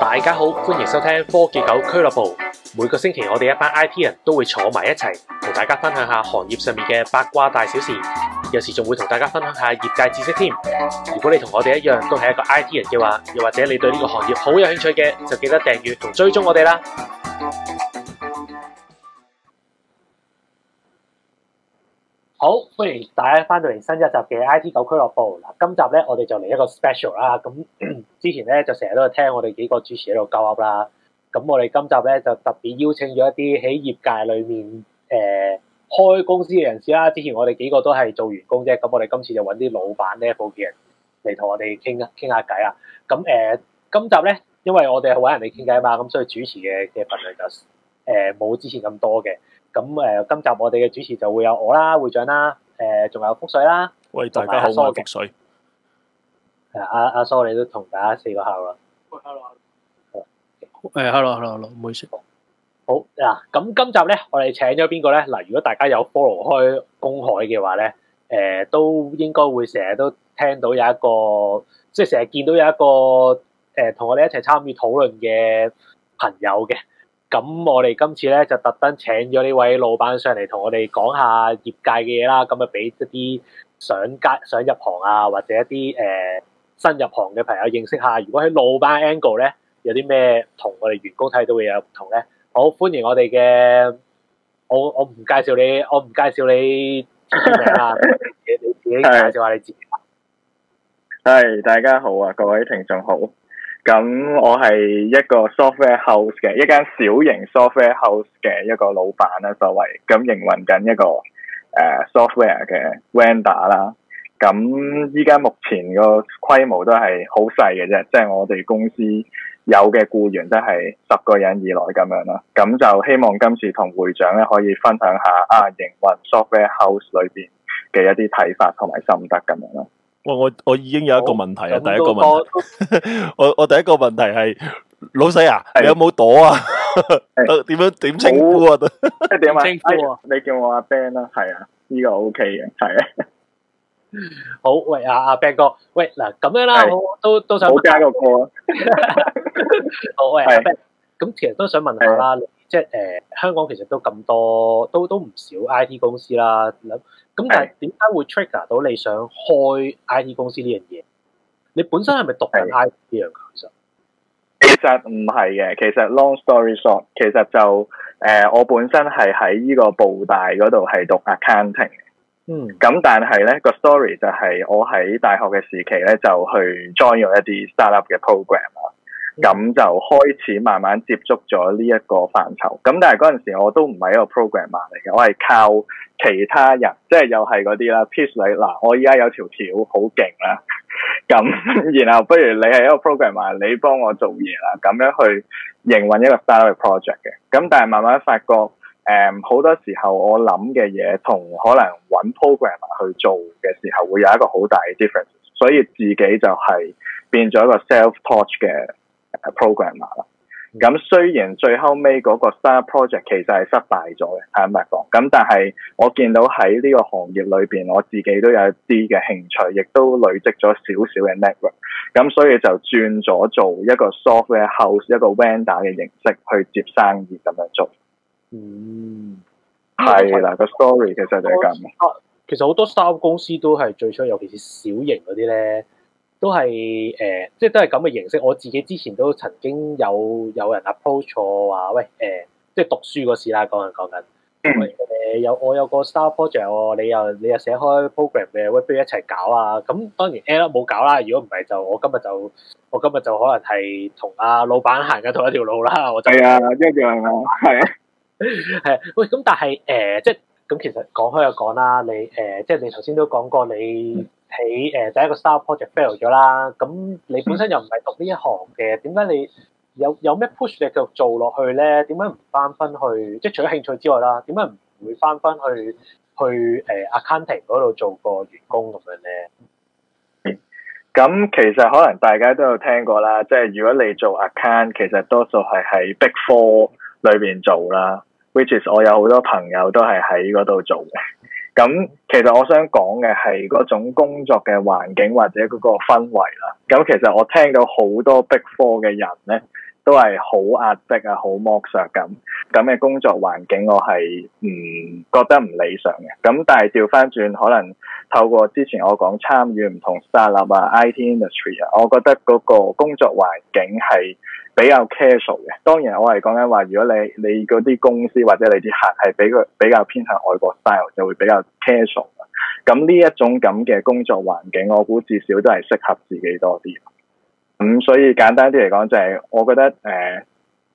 大家好，歡迎收聽科技狗俱樂部。每個星期我哋一班 IT 人都會坐埋一齊，同大家分享下行業上面嘅八卦大小事，有時仲會同大家分享下業界知識添。如果你同我哋一樣都係一個 IT 人嘅話，又或者你對呢個行業好有興趣嘅，就記得訂閱同追蹤我哋啦。好，歡迎大家翻到嚟新一集嘅 I T 狗俱樂部。嗱，今集咧，我哋就嚟一個 special 啦、啊。咁之前咧，就成日都係聽我哋幾個主持喺度交流啦。咁我哋今集咧就特別邀請咗一啲喺業界裏面誒、呃、開公司嘅人士啦。之前我哋幾個都係做員工啫。咁我哋今次就搵啲老闆呢一輩人嚟同我哋傾傾下偈啊。咁誒，今集咧，因為我哋係搵人嚟傾偈啊嘛，咁所以主持嘅嘅份量就誒冇、呃、之前咁多嘅。咁誒，今集我哋嘅主持就會有我啦，會長啦，誒，仲有福水啦。喂，大家好，我係福水。係啊，阿阿蘇你都同大家四個 hello 啦。誒，hello hello hello，唔好意思。好嗱，咁今集咧，我哋請咗邊個咧？嗱，如果大家有 follow 開公海嘅話咧，誒，都應該會成日都聽到有一個，即係成日見到有一個，誒，同我哋一齊參與討論嘅朋友嘅。咁我哋今次咧就特登請咗呢位老闆上嚟同我哋講下業界嘅嘢啦，咁啊俾一啲想加想入行啊或者一啲誒、呃、新入行嘅朋友認識下。如果喺老闆 Angle 咧有啲咩同我哋員工睇到會有唔同咧，好歡迎我哋嘅我我唔介紹你，我唔介紹你啊，你你自己介紹下你自己。係 大家好啊，各位聽眾好。咁我係一個 software house 嘅，一間小型 software house 嘅一個老闆啦，所謂咁營運緊一個誒、呃、software 嘅 vendor 啦。咁依家目前個規模都係好細嘅啫，即係我哋公司有嘅僱員都係十個人以內咁樣啦。咁就希望今次同會長咧可以分享下啊，營運 software house 裏邊嘅一啲睇法同埋心得咁樣啦。喂，我我已經有一個問題啊，第一個問，我我第一個問題係老細啊，你有冇朵啊？點樣點稱呼啊？點稱呼啊？你叫我阿 Ben 啦，係啊，呢個 OK 嘅，係啊。好喂，阿阿 Ben 哥，喂嗱，咁樣啦，我都都想好加個歌啊。喂，咁其實都想問下啦，即係誒，香港其實都咁多，都都唔少 IT 公司啦。咁但係點解會 trigger 到你想開 IE 公司呢樣嘢？你本身係咪讀緊 IE 呢樣嘅？其實其實唔係嘅，其實 long story short，其實就誒、呃、我本身係喺、嗯、呢個布大嗰度係讀 accounting 嘅。嗯。咁但係咧個 story 就係我喺大學嘅時期咧，就去 join 咗一啲 startup 嘅 program 啦。咁就開始慢慢接觸咗呢一個範疇。咁但係嗰陣時我都唔係一個 programmer 嚟嘅，我係靠其他人，即係又係嗰啲啦。Pitch 你嗱，我依家有條橋好勁啦，咁 然後不如你係一個 programmer，你幫我做嘢啦，咁樣去營運一個 style project 嘅。咁但係慢慢發覺，誒、嗯、好多時候我諗嘅嘢同可能揾 programmer 去做嘅時候會有一個好大嘅 difference，所以自己就係變咗一個 self-taught 嘅。a programmer 啦、mm，咁、hmm. 雖然最後尾嗰個 startup project 其實係失敗咗嘅，坦白講，咁但係我見到喺呢個行業裏邊，我自己都有一啲嘅興趣，亦都累積咗少少嘅 network，咁所以就轉咗做一個 software house，一個 vendor 嘅形式去接生意咁樣做。嗯，係啦，個 story 其實就係咁。其實好多 startup 公司都係最初，尤其是小型嗰啲咧。都係誒、呃，即係都係咁嘅形式。我自己之前都曾經有有人 approach 我話，喂誒、呃，即係讀書嗰時啦，講人講緊，誒有、嗯、我有個 star project，你又你又寫開 program 嘅，喂不如一齊搞啊！咁當然 Alec 冇搞啦。如果唔係就我今日就我今日就可能係同阿老闆行緊同一條路啦。我係啊，一樣啊，係啊， 喂咁但係誒、呃，即係咁其實講開又講啦，你誒、呃、即係你頭先都講過你。嗯喺誒第一個 startup project fail 咗啦，咁你本身又唔係讀呢一行嘅，點解你有有咩 push 你繼續做落去咧？點解唔翻翻去即係除咗興趣之外啦？點解唔會翻翻去去誒、呃、accounting 嗰度做個員工咁樣咧？咁、嗯嗯、其實可能大家都有聽過啦，即係如果你做 account，其實多數係喺 big four 裏邊做啦，which is 我有好多朋友都係喺嗰度做嘅。咁其實我想講嘅係嗰種工作嘅環境或者嗰個氛圍啦。咁其實我聽到好多 Big Four 嘅人咧。都係好壓迫啊，好磨削咁，咁嘅工作環境我，我係唔覺得唔理想嘅。咁但係調翻轉，可能透過之前我講參與唔同 s t 設立啊 IT industry 啊，我覺得嗰個工作環境係比較 casual 嘅。當然，我係講緊話，如果你你嗰啲公司或者你啲客係比較比較偏向外國 style，就會比較 casual 啊。咁呢一種咁嘅工作環境，我估至少都係適合自己多啲。咁、嗯、所以簡單啲嚟講就係、是，我覺得誒、呃、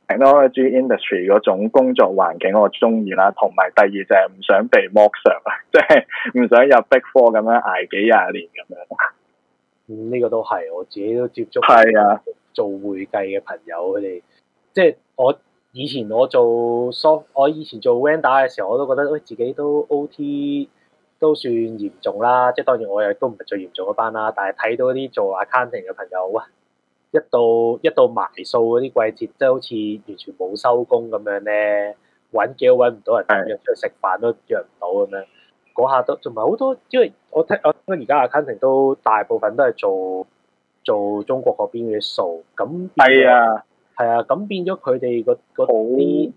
，technology industry 嗰種工作環境我中意啦，同埋第二就係唔想被剝削，即係唔想入逼科咁樣挨幾廿年咁樣、嗯。呢、這個都係，我自己都接觸係是啊，做會計嘅朋友佢哋，即係我以前我做 soft，我以前做 vendor 嘅時候，我都覺得喂、哎、自己都 O T 都算嚴重啦，即係當然我又都唔係最嚴重嗰班啦，但係睇到啲做 accounting 嘅朋友啊。哇一到一到埋數嗰啲季節，都好似完全冇收工咁樣咧，揾幾都揾唔到人，約出是的 去食飯都約唔到咁樣。嗰下都，仲埋好多，因為我聽我聽而家阿 c c 都大部分都係做做中國嗰邊嘅數。咁係啊，係啊的，咁變咗佢哋嗰嗰啲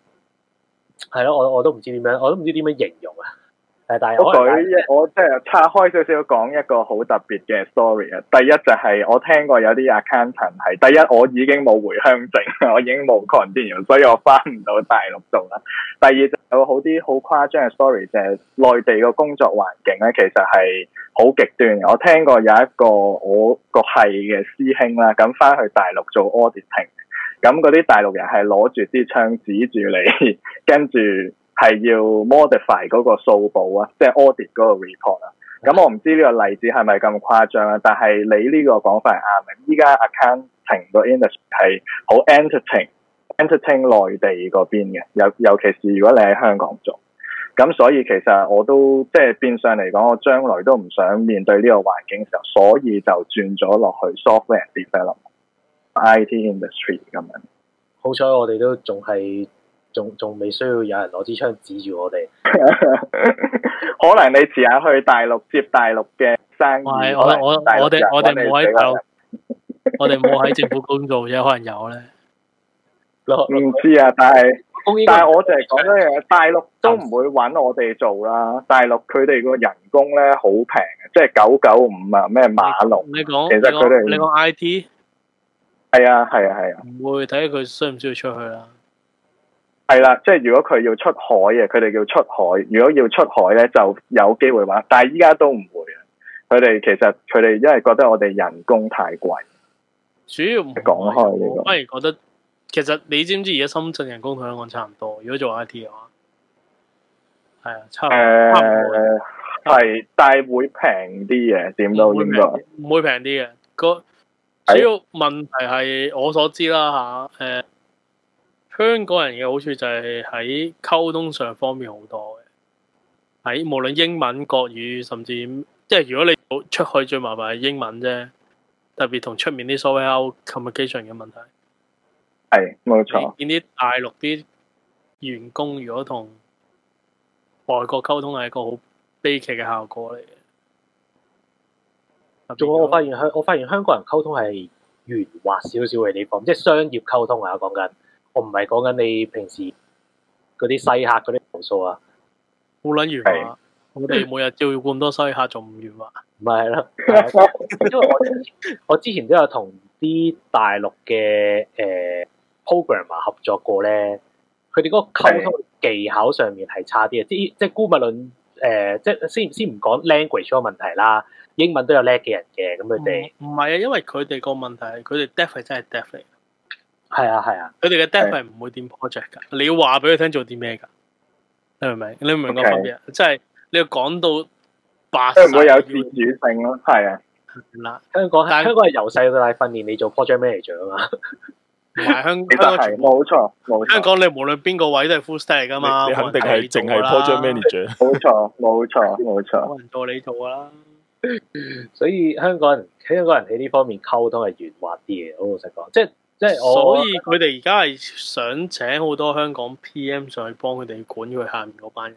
係咯，我我都唔知點樣，我都唔知點樣形容啊。誒，但係我我即係拆開少少講一個好特別嘅 story 啊。第一就係我聽過有啲 accountant 係第一，我已經冇回鄉證，我已經冇 continuing，所以我翻唔到大陸做啦。第二就有好啲好誇張嘅 story，就係內地個工作環境咧，其實係好極端。我聽過有一個我個系嘅師兄啦，咁翻去大陸做 auditing，咁嗰啲大陸人係攞住支槍指住你，跟住。係要 modify 嗰個數簿啊，即係 audit 嗰個 report 啊。咁我唔知呢個例子係咪咁誇張啊？但係你呢個講法係啱嘅。依家 accounting 個 industry 係好 entertaining entertaining 內地嗰邊嘅，尤尤其是如果你喺香港做。咁所以其實我都即係變相嚟講，我將來都唔想面對呢個環境嘅時候，所以就轉咗落去 software development、IT industry 咁樣。好彩我哋都仲係，仲仲未需要有人攞支槍指住我哋，可能你遲下去大陸接大陸嘅生意，我我我我哋我哋冇喺大陸，我哋冇喺政府工作啫，可能有咧，唔知啊。但係但係我就係講咗嘢，大陸都唔會搵我哋做啦。大陸佢哋個人工咧好平，即係九九五啊，咩馬龍？你講，其實佢哋你講 IT，係啊係啊係啊，唔會睇佢需唔需要出去啦。係啦，即係如果佢要出海嘅，佢哋要出海。如果要出海咧，就有機會玩。但係依家都唔會啊！佢哋其實佢哋因為覺得我哋人工太貴，主要唔講開呢個。係覺得其實你知唔知而家深圳人工同香港差唔多？如果做 I T 嘅話，係啊，差唔多。誒、呃，係，的但係會平啲嘅，都點都點都唔會平啲嘅。個主要問題係我所知啦吓，誒、呃。香港人嘅好處就係喺溝通上方便好多嘅，喺無論英文、國語，甚至即係如果你出去最麻煩係英文啫，特別同出面啲所謂 communication 嘅問題係冇錯。見啲大陸啲員工如果同外國溝通係一個好悲劇嘅效果嚟嘅。仲有我發現香，我發現香港人溝通係圓滑少少嘅地方，即係商業溝通啊，講緊。我唔係講緊你平時嗰啲西客嗰啲投訴啊，冇撚完嘛、啊？的我哋每日照顧咁多西客、啊，仲唔完嘛？唔係啦，因為我我之前都有同啲大陸嘅誒、呃、programmer 合作過咧，佢哋嗰個溝通技巧上面係差啲嘅的。即即係姑勿論誒、呃，即先先唔講 language 個問題啦，英文都有叻嘅人嘅，咁佢哋唔係啊，因為佢哋個問題係佢哋 defence 真係 defence。係啊，係啊。佢哋嘅 data 係唔會點 project 噶你要話俾佢聽做啲咩噶？你明唔明？你明唔明個分別啊？即係你要講到，唔會有自主性咯，係啊。咁啦，香港，香港係由細到大訓練你做 project manager 啊嘛。唔係香港冇錯冇錯，香港你無論邊個位都係 full stack 嚟噶嘛，你肯定係淨係 project manager。冇錯冇錯冇錯，冇人到你做啦。所以香港人，香港人喺呢方面溝通係圓滑啲嘅。好老實講，即係。即係，所以佢哋而家係想請好多香港 P. M. 上去幫佢哋管佢下面嗰班人，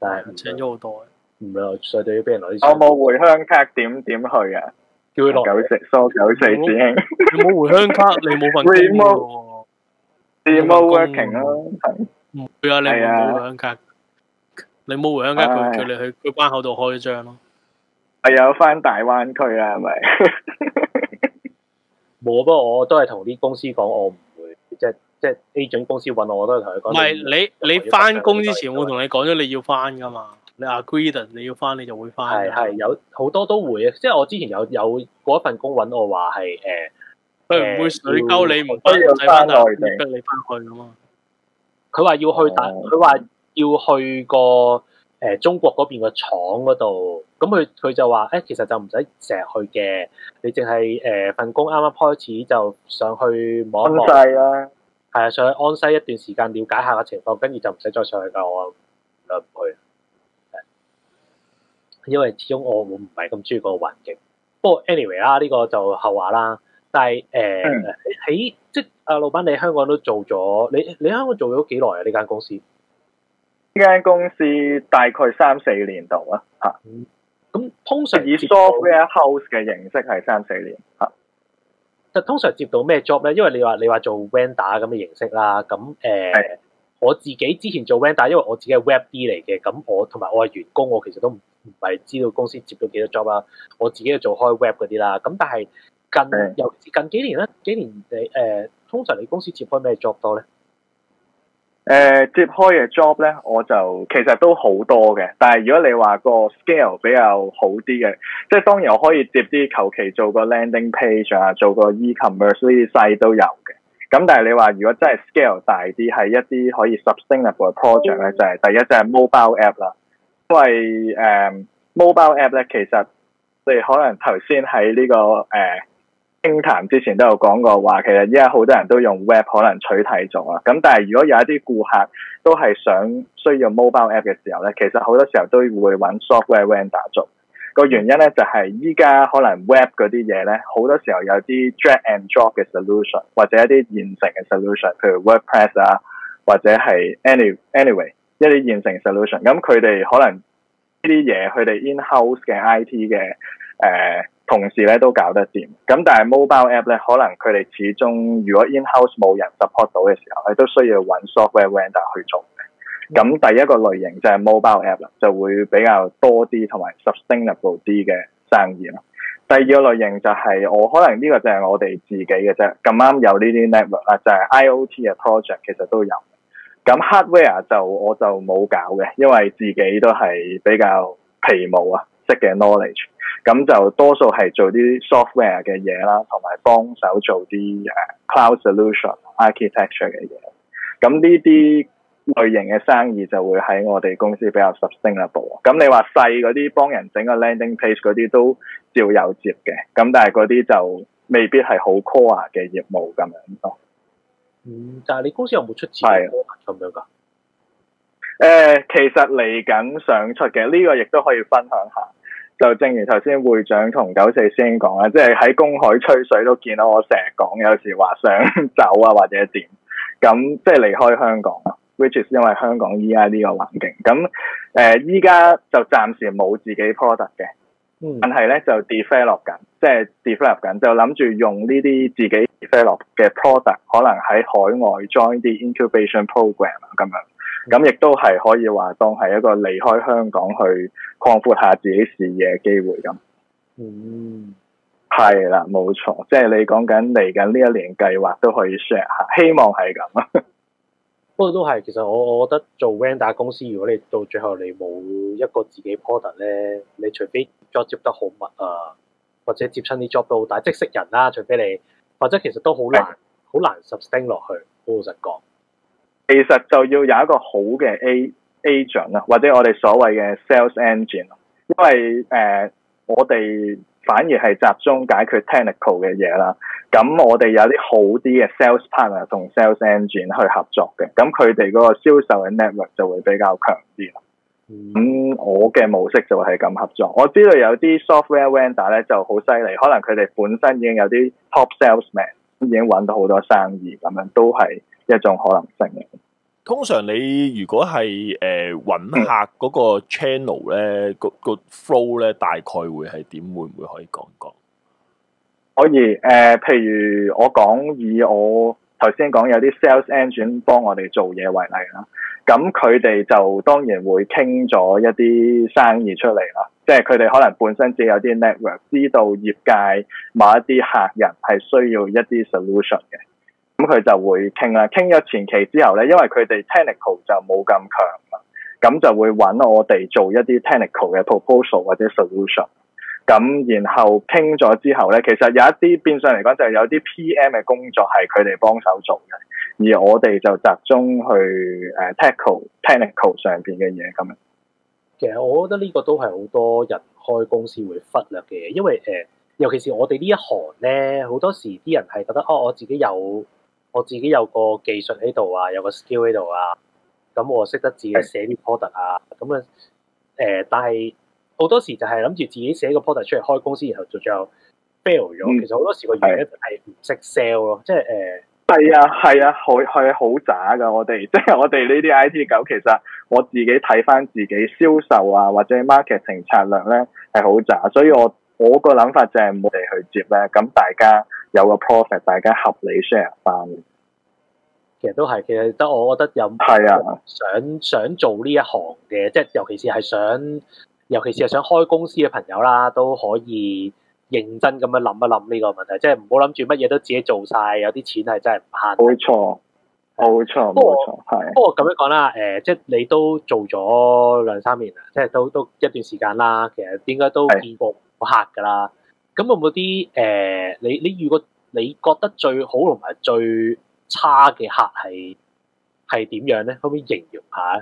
但係請咗好多，唔係，所以要俾人攞啲我冇回鄉卡，點點去啊？叫佢落四九四子你冇回鄉卡，你冇份工你冇 working 咯，唔會啊！你唔冇回鄉卡，啊、你冇回鄉卡，佢叫你去佢關口度開張咯、啊。係有翻大灣區啦，係咪？冇，不過我都係同啲公司講，我唔會即係即係 agency 公司搵我，我都係同佢講。唔係是你要要你翻工，之前，我同你講咗你要翻噶嘛？你 agreed，你要翻，你就會翻。係係有好多都會，即係我之前有有嗰份工搵我話係誒誒，唔、呃、會水溝，你唔翻就唔得，逼你翻去啊嘛？佢話、嗯、要去大，佢話、嗯、要去個。誒中國嗰邊個廠嗰度，咁佢佢就話誒、欸，其實就唔使成日去嘅，你淨係誒份工啱啱開始就上去望一望。安西啦，係啊，上去安西一段時間了解下個情況，跟住就唔使再上去㗎，我就唔去。因為始終我我唔係咁中意個環境。不過 anyway 啦，呢個就後話啦。但係誒喺即係老闆，你香港都做咗，你你香港做咗幾耐啊？呢間公司？呢間公司大概三四年度啦，吓、嗯。咁通常以 software house 嘅形式係三四年，吓、嗯。就通常接到咩 job 咧？因為你話你話做 vendor 咁嘅形式啦。咁誒，呃、是的 我自己之前做 vendor，因為我自己係 web D 嚟嘅。咁我同埋我係員工，我其實都唔唔係知道公司接到幾多 job 啦。我自己做開 web 嗰啲啦。咁但係近又是的 近幾年咧，幾年你誒、呃，通常你公司接開咩 job 多咧？誒、uh, 接開嘅 job 咧，我就其實都好多嘅。但係如果你話個 scale 比較好啲嘅，即、就、係、是、當然我可以接啲求其做個 landing page 啊，做個 e-commerce 呢啲細都有嘅。咁但係你話如果真係 scale 大啲，係一啲可以 substantial 嘅 project 咧，mm hmm. 就係第一就係 mobile app 啦。因為誒、um, mobile app 咧，其實你可能頭先喺呢個誒。Uh, 傾談之前都有講過話，其實依家好多人都用 Web 可能取替咗啊。咁但係如果有一啲顧客都係想需要 mobile app 嘅時候咧，其實好多時候都會揾 software vendor 做。個原因咧就係依家可能 Web 嗰啲嘢咧，好多時候有啲 drag and drop 嘅 solution 或者一啲現成嘅 solution，譬如 WordPress 啊或者係 any way, anyway 一啲現成 solution。咁佢哋可能呢啲嘢，佢哋 in house 嘅 IT 嘅誒。呃同時咧都搞得掂，咁但係 mobile app 咧可能佢哋始終如果 in house 冇人 support 到嘅時候，你都需要揾 software vendor 去做嘅。咁、嗯、第一個類型就係 mobile app 啦，就會比較多啲同埋 sustainable 啲嘅生意啦。第二個類型就係、是、我可能呢個就係我哋自己嘅啫，咁啱有呢啲 network 啦，就係、是、IOT 嘅 project 其實都有。咁 hardware 就我就冇搞嘅，因為自己都係比較皮毛啊，識嘅 knowledge。咁就多數係做啲 software 嘅嘢啦，同埋幫手做啲誒 cloud solution architecture 嘅嘢。咁呢啲類型嘅生意就會喺我哋公司比較 sustainable。咁你話細嗰啲幫人整個 landing page 嗰啲都照有接嘅。咁但係嗰啲就未必係好 core 嘅業務咁樣咯。嗯，但係你公司有冇出錢咁的樣噶？誒、呃，其實嚟緊想出嘅呢，這個亦都可以分享下。就正如頭先會長同九四先生講啦，即係喺公海吹水都見到我成日講，有時話想走啊或者點，咁即係離開香港啦。Which is 因為香港依家呢個環境，咁誒依家就暫時冇自己 product 嘅，但係咧就 develop 緊，即係 develop 緊，就諗住用呢啲自己 develop 嘅 product，可能喺海外 join 啲 incubation program 咁樣。咁亦都係可以話當係一個離開香港去擴闊下自己視野嘅機會咁。嗯，係啦，冇錯，即係你講緊嚟緊呢一年計劃都可以 share 下，希望係咁啦。不過都係，其實我我覺得做 vendor 公司，如果你到最後你冇一個自己 product 咧，你除非 job 接得好密啊，或者接親啲 job 都好大，即係識人啦、啊，除非你，或者其實都好難，好難 sustain 落去，好老實講。其實就要有一個好嘅 A agent 啊，或者我哋所謂嘅 sales engine，因為誒、呃、我哋反而係集中解決 technical 嘅嘢啦。咁我哋有啲好啲嘅 sales partner 同 sales engine 去合作嘅，咁佢哋嗰個銷售嘅 network 就會比較強啲啦。咁我嘅模式就係咁合作。我知道有啲 software vendor 咧就好犀利，可能佢哋本身已經有啲 top salesman 已經揾到好多生意，咁樣都係。一種可能性嘅。通常你如果係誒搵客嗰個 channel 咧，個、嗯、個 flow 咧，大概會係點？會唔會可以講講？可以誒、呃，譬如我講以我頭先講有啲 sales agent 幫我哋做嘢為例啦，咁佢哋就當然會傾咗一啲生意出嚟啦。即係佢哋可能本身只有啲 network，知道業界某一啲客人係需要一啲 solution 嘅。咁佢就會傾啦，傾咗前期之後咧，因為佢哋 technical 就冇咁強啦，咁就會搵我哋做一啲 technical 嘅 proposal 或者 solution。咁然後傾咗之後咧，其實有一啲變相嚟講，就係有啲 PM 嘅工作係佢哋幫手做嘅，而我哋就集中去誒 tackle technical 上邊嘅嘢。咁其實我覺得呢個都係好多人開公司會忽略嘅嘢，因為誒、呃，尤其是我哋呢一行咧，好多時啲人係覺得啊、哦，我自己有。我自己有個技術喺度啊，有個 skill 喺度啊，咁我識得自己寫啲 product 啊，咁啊，誒、啊，但係好多時就係諗住自己寫個 product 出嚟開公司，然後就最後 fail 咗。其實好多時個原因係唔識 sell 咯，即係誒。係啊，係啊，去去好渣㗎，我哋即係我哋呢啲 IT 狗，其實我自己睇返自己銷售啊，或者 marketing 策略咧係好渣，所以我我個諗法就係冇地去接咧，咁大家。有個 profit，大家合理 share 翻。其實都係，其實得我覺得有，係是啊想，想想做呢一行嘅，即係尤其是係想，尤其是係想開公司嘅朋友啦，都可以認真咁樣諗一諗呢個問題，即係唔好諗住乜嘢都自己做晒，有啲錢係真係唔慳。冇錯，冇的錯，冇我錯，係。不過咁樣講啦，誒、呃，即係你都做咗兩三年啦，即係都都一段時間啦，其實應該都見過好客㗎啦。咁有冇啲誒，你你如果你覺得最好同埋最差嘅客係係點樣咧？可唔可以形容下？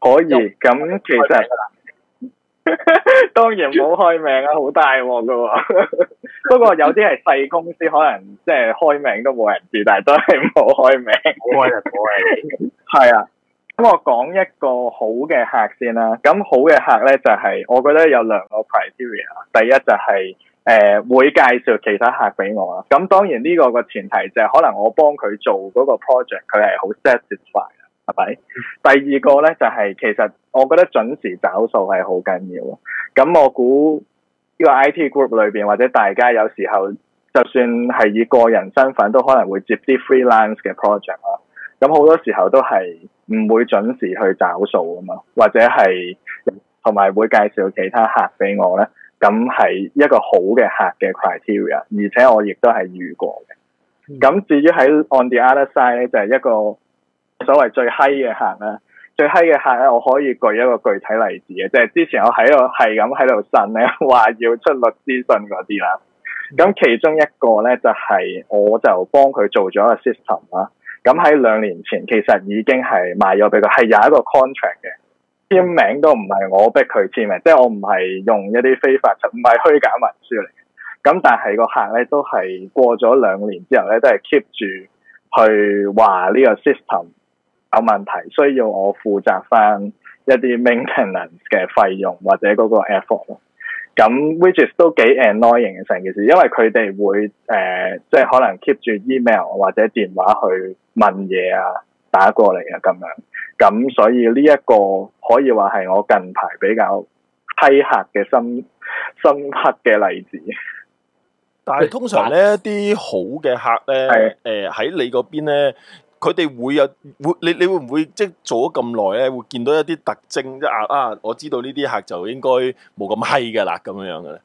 可以，咁其實開名 當然冇開名啦，好大鑊㗎喎。 不過有啲係細公司，可能即係開名都冇人住，但係都係冇開名。冇開名，冇開名。係 啊，咁我講一個好嘅客先啦。咁好嘅客咧就係、是、我覺得有兩個 criteria，第一就係、是。誒、呃，會介紹其他客俾我啊！咁當然呢個個前提就係可能我幫佢做嗰個 project，佢係好 satisfied 係咪？第二個呢就係、是，其實我覺得準時找數係好緊要。咁我估呢個 IT group 裏邊或者大家有時候，就算係以個人身份，都可能會接啲 freelance 嘅 project 啦。咁好多時候都係唔會準時去找數啊嘛，或者係同埋會介紹其他客俾我呢。咁係一個好嘅客嘅 criteria，而且我亦都係遇過嘅。咁至於喺 on the other side 咧，就係一個所謂最閪嘅客啦，最閪嘅客咧，我可以舉一個具體例子嘅，即係之前我喺度係咁喺度呻咧，話要出律師信嗰啲啦。咁其中一個咧就係，我就幫佢做咗個 system 啦。咁喺兩年前，其實已經係賣咗俾佢，係有一個 contract 嘅。簽名都唔係我逼佢簽名，即係我唔係用一啲非法就唔係虛假文書嚟嘅。咁但係個客咧都係過咗兩年之後咧，都係 keep 住去話呢個 system 有問題，需要我負責翻一啲 maintenance 嘅費用或者嗰個 effort。咁 which is 都幾 annoying 成件事，因為佢哋會誒即係可能 keep 住 email 或者電話去問嘢啊，打過嚟啊咁樣。咁所以呢一個可以話係我近排比較閪客嘅深深刻嘅例子。但係通常咧，啲 好嘅客咧，誒喺的、呃、你嗰邊咧，佢哋會有會，你你會唔會即係做咗咁耐咧，會見到一啲特徵？一啊啊，我知道呢啲客就應該冇咁閪嘅啦，咁樣樣嘅。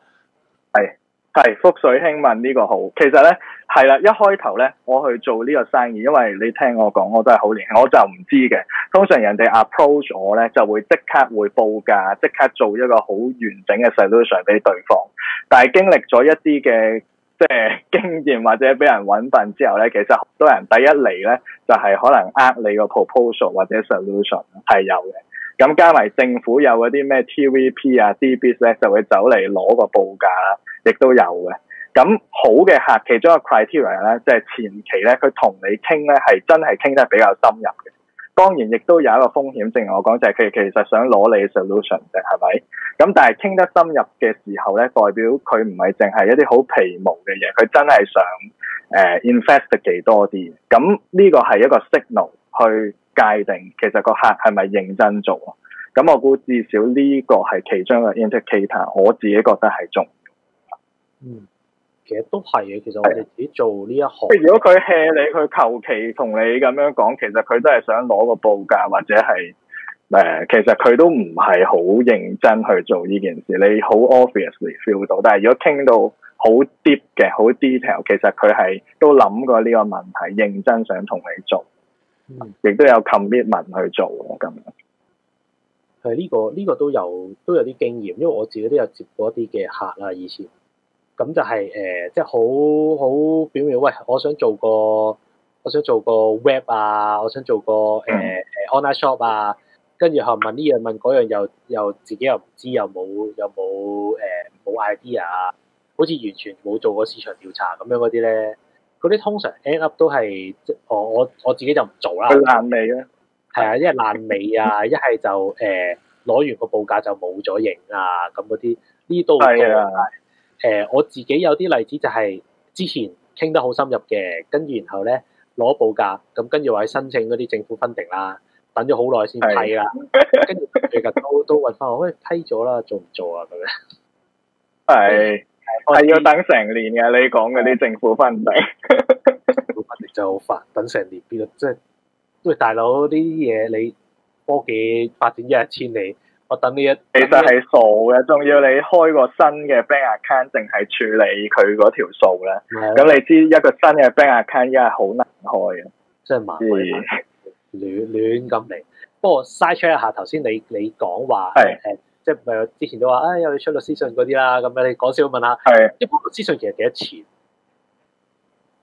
係福水興問呢個好，其實咧係啦，一開頭咧我去做呢個生意，因為你聽我講，我都係好年輕，我就唔知嘅。通常人哋 approach 我咧，就會即刻會報價，即刻做一個好完整嘅 solution 俾對方。但係經歷咗一啲嘅即係經驗或者俾人搵笨之後咧，其實好多人第一嚟咧就係、是、可能呃你個 proposal 或者 solution 係有嘅。咁加埋政府有嗰啲咩 TVP 啊 D-Biz 咧，就會走嚟攞個報價啦。亦都有嘅咁好嘅客，其中一個 criteria 咧，即係前期咧，佢同你傾咧係真係傾得比較深入嘅。當然亦都有一個風險，正如我講，就係佢其實想攞你嘅 solution 啫，係咪咁？但係傾得深入嘅時候咧，代表佢唔係淨係一啲好皮毛嘅嘢，佢真係想誒、呃、invest 幾多啲。咁呢個係一個 signal 去界定其實個客係咪認真做啊？咁我估至少呢個係其中一個 indicator，我自己覺得係重要。嗯，其實都係嘅。其實我哋自己做呢一行，如果佢 hea 你，佢求其同你咁樣講，其實佢都係想攞個報價，或者係誒、呃，其實佢都唔係好認真去做呢件事。你好 obviously feel 到。但係如果傾到好 deep 嘅、好 detail，其實佢係都諗過呢個問題，認真想同你做，亦、嗯、都有 commitment 去做咁樣。係呢、這個呢、這個都有都有啲經驗，因為我自己都有接過一啲嘅客啦，以前。咁就係誒，即係好好表面。喂，我想做個我想做個 web 啊，我想做個誒誒 online shop 啊。跟住後問呢樣問嗰樣，又又自己又唔知，又冇又冇誒冇 idea，好似完全冇做過市場調查咁樣嗰啲咧。嗰啲通常 end up 都係即係我我我自己就唔做啦，爛尾啊，係啊，一係爛尾啊，一係就誒攞完個報價就冇咗型啊，咁嗰啲呢都係。誒、呃、我自己有啲例子就係之前傾得好深入嘅，跟住然後咧攞報價，咁跟住我申請嗰啲政府 funding 啦，等咗好耐先睇啦，是的 跟住最近都都揾翻我，喂、哎、批咗啦，做唔做啊咁樣？係係的、 嗯、要等成年嘅，你講嗰啲政府 funding， 政府 funding 就好煩，等成年變咗，即係喂大佬啲嘢，你科技發展一日千里。我等呢一，其實係數嘅，仲要你開個新嘅 bank account，定係處理佢嗰條數咧。咁的你知一個新嘅 bank account 又係好難開嘅，即係麻煩，亂亂咁嚟。不過 side check 一下，頭先你你講話係，是即係咪之前都話，唉、哎，有你出律師信嗰啲啦。咁你講笑問下，係一般律師信其實幾多錢？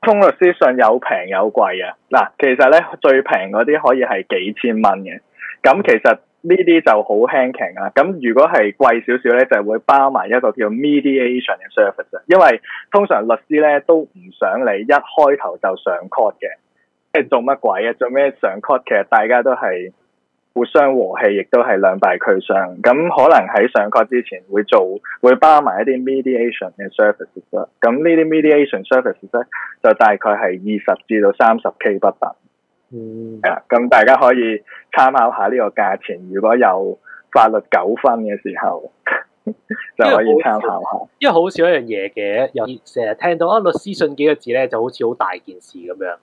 通律師信有平有貴啊。嗱，其實咧最平嗰啲可以係幾千蚊嘅。咁其實。嗯呢啲就好輕騎啦、啊，咁如果係貴少少咧，就會包埋一個叫 mediation 嘅 service。因為通常律師咧都唔想你一開頭就上 court 嘅，即、欸、係做乜鬼啊？做咩上 court？其實大家都係互相和氣，亦都係兩敗俱傷。咁可能喺上 court 之前會做，會包埋一啲 mediation 嘅 service 啫。咁呢啲 mediation service 咧，就大概係二十至到三十 k 不等。嗯，咁大家可以參考下呢個價錢。如果有法律糾紛嘅時候， 就可以參考下。下。因為好少一樣嘢嘅，有成日聽到啊，律師信幾個字咧，就好似好大件事咁樣。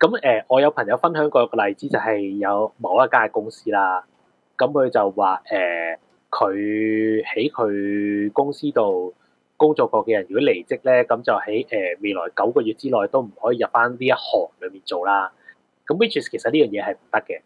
咁誒、呃，我有朋友分享過一個例子，就係、是、有某一間公司啦。咁佢就話誒，佢喺佢公司度工作過嘅人，如果離職咧，咁就喺誒、呃、未來九個月之內都唔可以入翻呢一行裏面做啦。咁 which is，其實呢樣嘢係唔得嘅，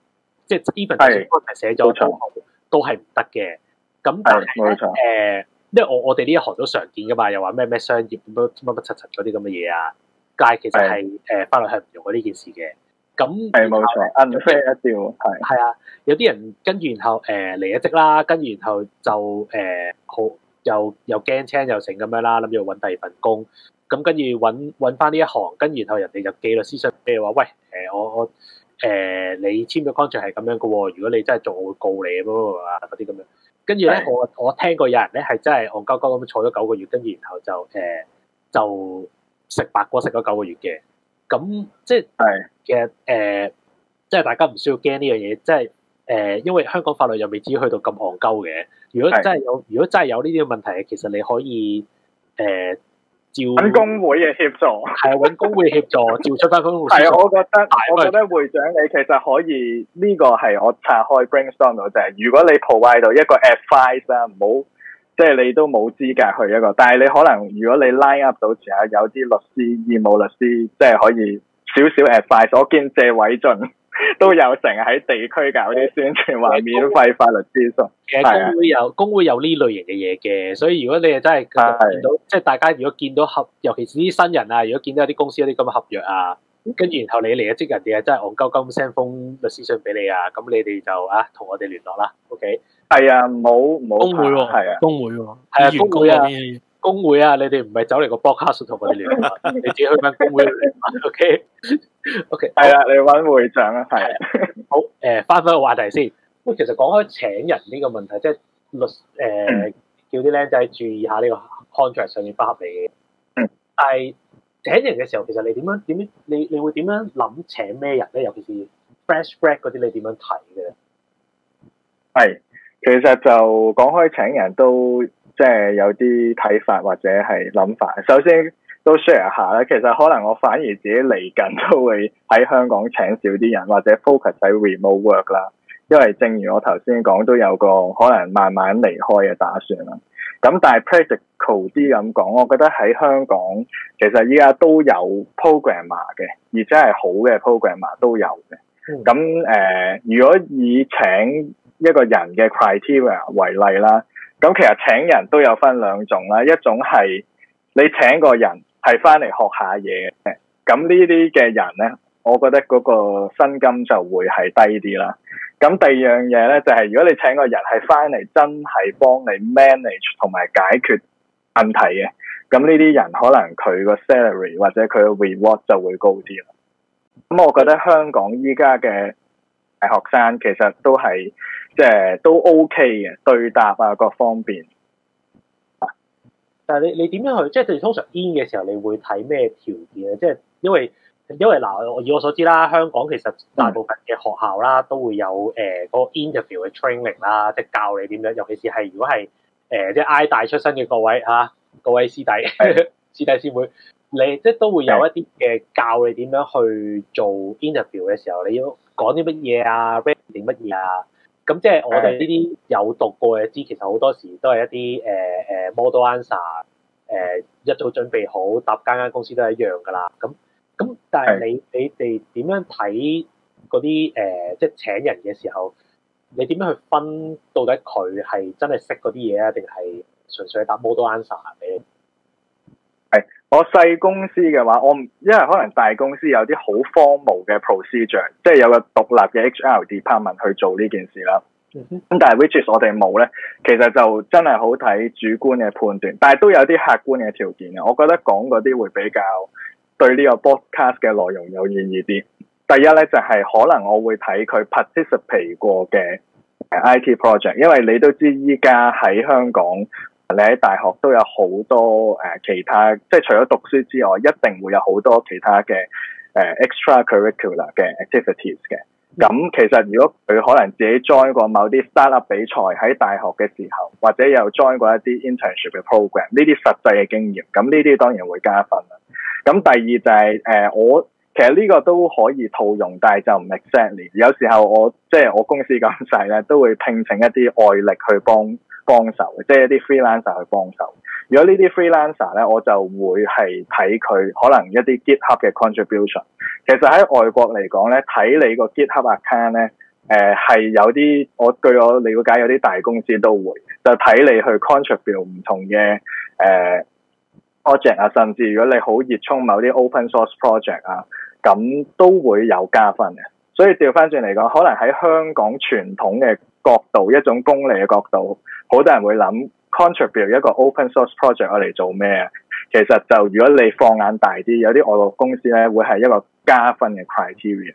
即係 even 法官係寫咗都都係唔得嘅。咁但係咧誒，因為我我哋呢一行都常見㗎嘛，又話咩咩商業咁樣乜乜乜柒柒嗰啲咁嘅嘢啊，但係其實係誒法律係唔用過呢件事嘅。咁係冇錯，unfair 一啲喎，係係啊，有啲人跟住然後誒離咗職啦，跟住然後就誒好、呃、又又驚青又成咁樣啦，諗住揾揾第二份工。咁跟住揾揾翻呢一行，跟住，然後人哋就寄咗律師信，譬如話，喂，誒、呃、我我誒、呃、你簽咗 contract 係咁樣嘅喎，如果你真係做，我會告你咁啊啲咁樣。跟住咧，是的 我我聽過有人咧係真係戇鳩鳩咁坐咗九個月，跟住然後就誒、呃、就食白果食咗九個月嘅。咁、嗯、即係是的 其實誒、呃，即係大家唔需要驚呢樣嘢，即係誒、呃，因為香港法律又未至於去到咁戇鳩嘅。如果真係有，如果真係有呢啲問題，其實你可以誒。呃呃揾工會嘅協助，係揾工會協助，召集翻工會。係我覺得，我覺得會長你其實可以呢、這個係我拆係開 brainstorm 到就係、是，如果你 provide 到一個 advice 啦，唔好即係你都冇資格去一個，但係你可能如果你 line up 到之後，有啲律師、義務律師，即、就、係、是、可以少少 advice。我見謝偉俊。都有成日喺地區搞啲宣傳，話免費法律諮詢。其實工會有工會有呢類型嘅嘢嘅，所以如果你係真係見到，即係大家如果見到合，尤其是啲新人啊，如果見到有啲公司有啲咁嘅合約啊，跟住然後你嚟咗職人，哋係真係戇鳩鳩咁 send 封律師信俾你啊，咁你哋就啊同我哋聯絡啦。OK，係啊，冇冇工會係啊，工會喎，係啊，工會啊。工會啊，你哋唔係走嚟個播客度同佢哋聊啊， 你自己去搵工會 O K O K 係啦，你搵會長啊。係的好誒，翻返個話題先。咁其實講開請人呢個問題，即係律誒、呃，叫啲僆仔注意下呢個 contract 上面不合理嘅。嗯、但係請人嘅時候，其實你點樣點樣你你會點樣諗請咩人咧？尤其是 fresh fresh 嗰啲，你點樣睇嘅？係，其實就講開請人都。即係有啲睇法或者係諗法。首先都 share 下啦。其實可能我反而自己嚟緊都會喺香港請少啲人，或者 focus 喺 remote work 啦。因為正如我頭先講，都有個可能慢慢離開嘅打算啦。咁但係 practical 啲咁講，我覺得喺香港其實依家都有 programmer 嘅，而且係好嘅 programmer 都有嘅。咁誒、嗯呃，如果以請一個人嘅 criteria 為例啦。咁其實請人都有分兩種啦，一種係你請個人係翻嚟學下嘢，咁呢啲嘅人呢，我覺得嗰個薪金就會係低啲啦。咁第二樣嘢呢，就係、係、如果你請個人係翻嚟真係幫你 manage 同埋解決問題嘅，咁呢啲人可能佢個 salary 或者佢嘅 reward 就會高啲啦。咁我覺得香港依家嘅大學生其實都係。即係都 OK 嘅對答啊，各方面。但係你你點樣去？即係通常 in 嘅時候，你會睇咩條件咧？即係因為因為嗱，我、呃、以我所知啦，香港其實大部分嘅學校啦，都會有誒嗰、呃那個 interview 嘅 training 啦，即係教你點樣。尤其是係如果係誒、呃、即係 I 大出身嘅各位嚇、啊，各位師弟是 師弟師妹，你即係都會有一啲嘅是教你點樣去做 interview 嘅時候，你要講啲乜嘢啊？read 定乜嘢啊？咁即係我哋呢啲有讀過嘅知，其實好多時都係一啲誒誒、呃、model answer，誒、呃、一早準備好，搭間間公司都係一樣㗎喇。咁咁，但係你是的 你哋點樣睇嗰啲誒，即係請人嘅時候，你點樣去分到底佢係真係識嗰啲嘢啊，定係純粹搭 model answer 俾我細公司嘅話，我因為可能大公司有啲好荒謬嘅 procedure，即係有個獨立嘅 HR department 去做呢件事啦。咁但係，which is 我哋冇咧，其實就真係好睇主觀嘅判斷，但係都有啲客觀嘅條件嘅。我覺得講嗰啲會比較對呢個 broadcast 嘅內容有意義啲。第一咧就係可能我會睇佢 participate 過嘅 IT project，因為你都知依家喺香港。你喺大學都有好多誒、呃、其他，即係除咗讀書之外，一定會有好多其他嘅誒、呃、extra curricular 嘅 activities 嘅。咁、嗯、其實如果佢可能自己 join 過某啲 startup 比賽喺大學嘅時候，或者有 join 過一啲 internship 嘅 program，呢啲實際嘅經驗，咁呢啲當然會加分啦。咁、嗯、第二就係、是、誒、呃，我其實呢個都可以套用，但係就唔 exactly。有時候我即係我公司咁細咧，都會聘請一啲外力去幫。幫手嘅，即係一啲 freelancer 去幫手。如果呢啲 freelancer 咧，我就會係睇佢可能一啲 GitHub 嘅 contribution。其實喺外國嚟講咧，睇你個 GitHub account 咧、呃，誒係有啲。我據我了解，有啲大公司都會就睇你去 contribute 唔同嘅誒、呃、project 啊，甚至如果你好熱衷某啲 open source project 啊，咁都會有加分嘅。所以調翻轉嚟講，可能喺香港傳統嘅。角度一種功利嘅角度，好多人會諗 contribute 一個 open source project 我嚟做咩啊？其實就如果你放眼大啲，有啲外國公司咧，會係一個加分嘅 criteria。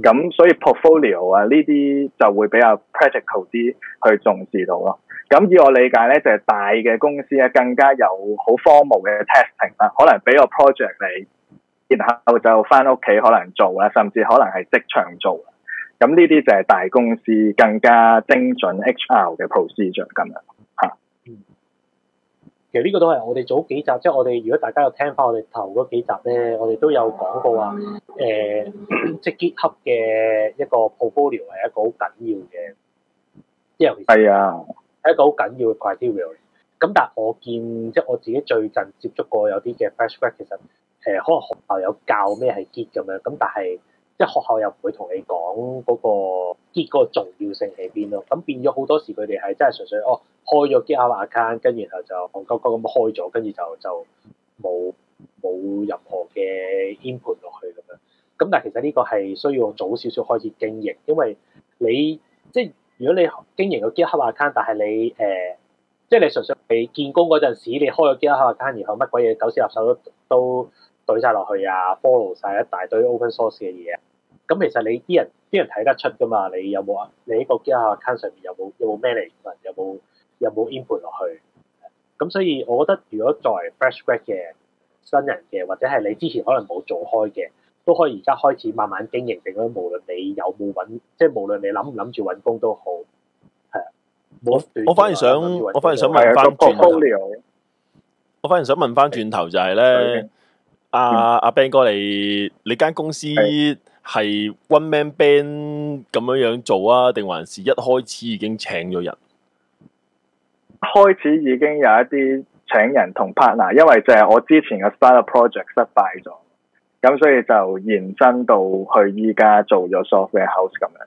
咁所以 portfolio 啊呢啲就會比較 practical 啲去重視到咯。咁以我理解咧，就係、是、大嘅公司咧更加有好 formal 嘅 testing 啦，可能俾個 project 你，然後就翻屋企可能做啦，甚至可能係即場做。咁呢啲就係大公司更加精準 HR 嘅 procedure 咁樣嚇。嗯，其實呢個都係我哋早幾集，即係我哋如果大家有聽翻我哋頭嗰幾集咧，我哋都有講過話，誒，即係 GitHub 嘅一個 portfolio 係一個好緊要嘅，因為係啊，係一個好緊要嘅 criteria。咁但係我見即係我自己最近接觸過有啲嘅 fresh grad 其實誒可能學校有教咩係 Git 咁樣，咁但係。即係學校又唔會同你講嗰、嗰個啲、嗰個、重要性喺邊咯，咁變咗好多時佢哋係真係純粹哦開咗 GitHub account，跟然後就戇鳩鳩咁開咗，跟住就就冇冇任何嘅 input 落去咁樣。咁但係其實呢個係需要早少少開始經營，因為你即係如果你經營咗 GitHub account，但係你誒、呃、即係你純粹你見工嗰陣時，你開咗 GitHub account，然後乜鬼嘢狗屎垃圾都，都取晒落去啊，follow 晒一大堆 open source 嘅嘢，咁其實你啲人啲人睇得出㗎嘛？你有冇啊？你呢個 GitHub account 上面有冇有冇 manage？有冇有冇 input 落去？咁、嗯、所以，我覺得如果作為 fresh grad 嘅新人嘅，或者係你之前可能冇做開嘅，都可以而家開始慢慢經營定咗無論你有冇揾，即係無論你諗唔諗住揾工都好，係、嗯、啊。我我反而想，我反而想,想問翻 我反而想問翻轉頭就係、是、咧。Okay. 阿阿、啊、Ben 哥，嚟，你間公司係 one man band 咁樣樣做啊？定還是一開始已經請咗人？開始已經有一啲請人同 partner，因為就係我之前嘅 startup project 失敗咗，咁所以就延伸到去依家做咗 software house 咁樣。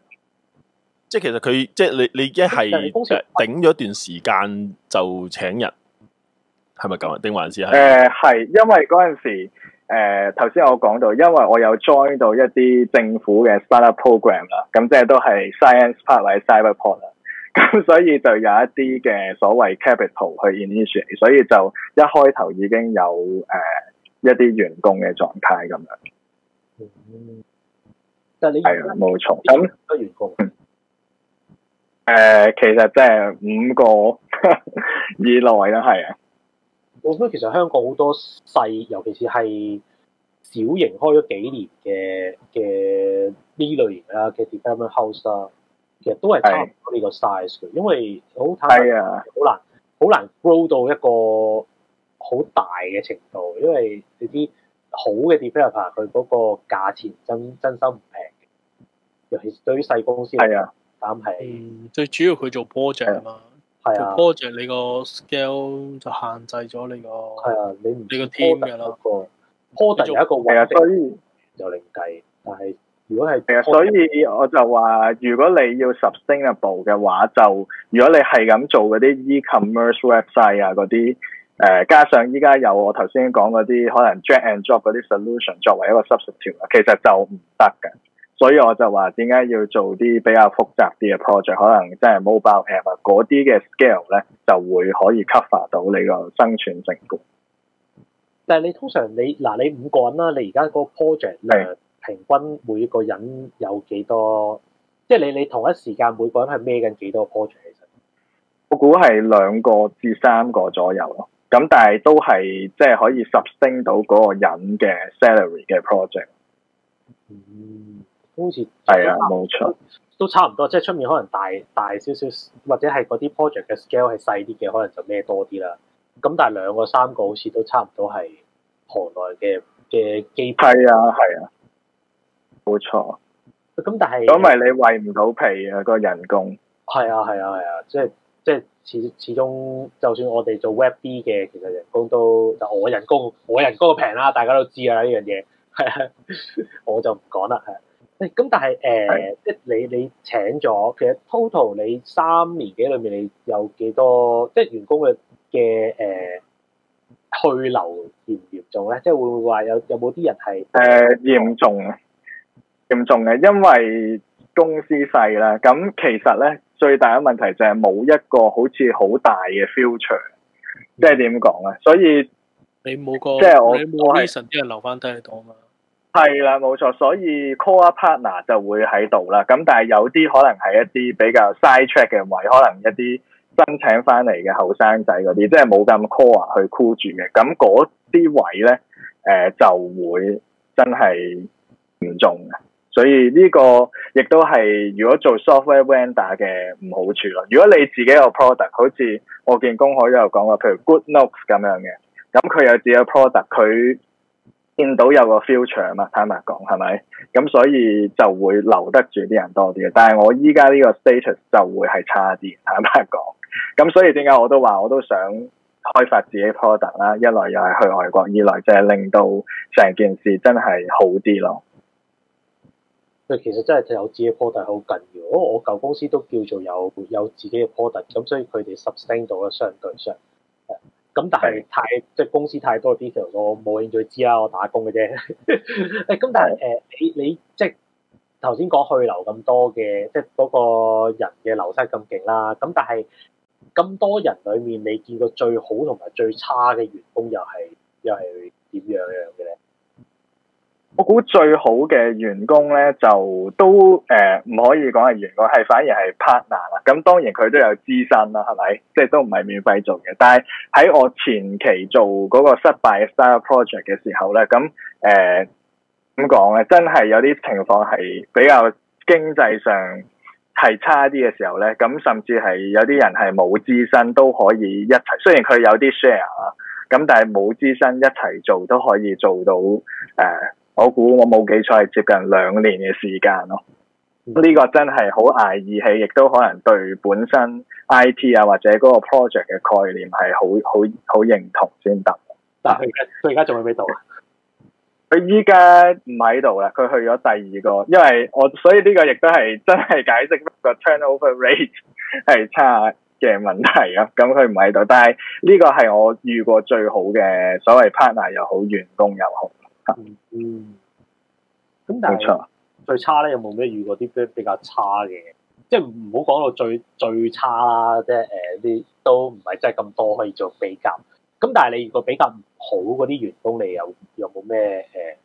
即係其實佢即係你你一係頂咗一段時間就請人，係咪咁啊？定還是係誒係，因為嗰陣時。誒，頭先、呃、我講到，因為我有 join 到一啲政府嘅 startup program 啦，咁即係都係 Science Park 或者 Cyberport 啦，咁所以就有一啲嘅所謂 capital 去 initiate，所以就一開頭已經有誒、呃、一啲員工嘅狀態咁樣。即係、嗯、你係啊，冇、哎、錯。咁員工誒、呃，其實即係五個呵呵以內都係啊。我覺得其實香港好多細，尤其是係小型開咗幾年嘅嘅呢類型啦，嘅 development house 啦，其實都係差唔多呢個 size 嘅，的因為好睇好難好難 grow 到一個好大嘅程度。因為你啲好嘅 developer 佢嗰個價錢真真心唔平，尤其是對於細公司嚟講，但係最主要佢做 project 啊嘛。係啊 project 你個 scale 就限制咗你個係啊，你唔知個 team 嘅啦 project 一個係啊，所以由零計，但係如果係，係啊，所以我就話，如果你要 sustainable 嘅話，就如果你係咁做嗰啲 e-commerce website 啊嗰啲，誒、呃、加上依家有我頭先講嗰啲可能 drag and drop 嗰啲 solution 作為一個 substitute，其實就唔得嘅。所以我就話點解要做啲比較複雜啲嘅 project，可能即係 mobile app 啊嗰啲嘅 scale 咧，就會可以 cover 到你個生存成功。但係你通常你嗱你五個人啦，你而家嗰個 project 咧，平均每個人有幾多？是即係你你同一時間每個人係孭緊幾多 project？其實我估係兩個至三個左右咯。咁但係都係即係可以 sustain 到嗰個人嘅 salary 嘅 project。嗯。好似係啊，冇錯，都差唔多，即係出面可能大大少少，或者係嗰啲 project 嘅 scale 係細啲嘅，可能就咩多啲啦。咁但係兩個三個好似都差唔多係行內嘅嘅基批啊，係啊，冇錯。咁但係，如果係你喂唔到皮啊？個人工係啊係啊係啊，即係即係始始終，就算我哋做 web B 嘅，其實人工都，但我人工我人工平啦，大家都知啊，呢樣嘢，係我就唔講啦，係。咁但係誒，呃、是的 即係你你請咗，其實 total 你三年幾裏面你有幾多，即係員工嘅嘅誒，去留嚴唔嚴重咧？即係會唔會話有有冇啲人係誒嚴重嚴重嘅？因為公司細啦，咁其實咧最大嘅問題就係冇一個好似好大嘅 future、嗯、即係點講啊？所以你冇個即係我你我係啲人留翻低到啊嘛～係啦，冇錯，所以 core partner 就會喺度啦。咁但係有啲可能係一啲比較 side track 嘅位，可能一啲申請翻嚟嘅後生仔嗰啲，即係冇咁 core 去箍住嘅。咁嗰啲位咧，誒、呃、就會真係唔中嘅。所以呢個亦都係如果做 software vendor 嘅唔好處咯。如果你自己有 product，好似我見公海都有講過，譬如 Goodnotes 咁樣嘅，咁佢有自己嘅 product，佢。見到有個 future 啊嘛，坦白講係咪？咁所以就會留得住啲人多啲嘅。但係我依家呢個 status 就會係差啲，坦白講。咁所以點解我都話我都想開發自己嘅 product 啦，一來又係去外國，二來即係令到成件事真係好啲咯。其實真係有自己嘅 product 好緊要，我舊公司都叫做有有自己嘅 product，咁所以佢哋 sustain 到啊相對上。咁但係太即係公司太多 detail，我冇興趣知啊！我打工嘅啫。 誒，咁但係誒，你你即係頭先講去留咁多嘅，即係嗰個人嘅流失咁勁啦。咁但係咁多人裡面，你見過最好同埋最差嘅員工又係又係點樣樣嘅咧？我估最好嘅員工咧，就都誒唔、呃、可以講係員工，係反而係 partner 啊。咁當然佢都有支薪啦，係咪？即係都唔係免費做嘅。但係喺我前期做嗰個失敗 style project 嘅時候咧，咁誒點講咧？真係有啲情況係比較經濟上係差啲嘅時候咧，咁甚至係有啲人係冇支薪都可以一齊。雖然佢有啲 share 啊，咁但係冇支薪一齊做都可以做到誒。呃我估我冇記錯，係接近兩年嘅時間咯。呢、嗯、個真係好挨義氣，亦都可能對本身 I T 啊或者嗰個 project 嘅概念係好好好認同先得。但係佢而家仲喺喺度啊？佢依家唔喺度啦，佢去咗第二個。因為我所以呢個亦都係真係解釋個 turnover rate 係 差嘅問題啊。咁佢唔喺度，但係呢個係我遇過最好嘅所謂 partner 又好，員工又好。嗯，咁、嗯、但係最差咧有冇咩遇過啲比較差嘅？即係唔好講到最最差啦，即係誒啲都唔係真係咁多可以做比較。咁但係你如果比較唔好嗰啲員工，你有有冇咩誒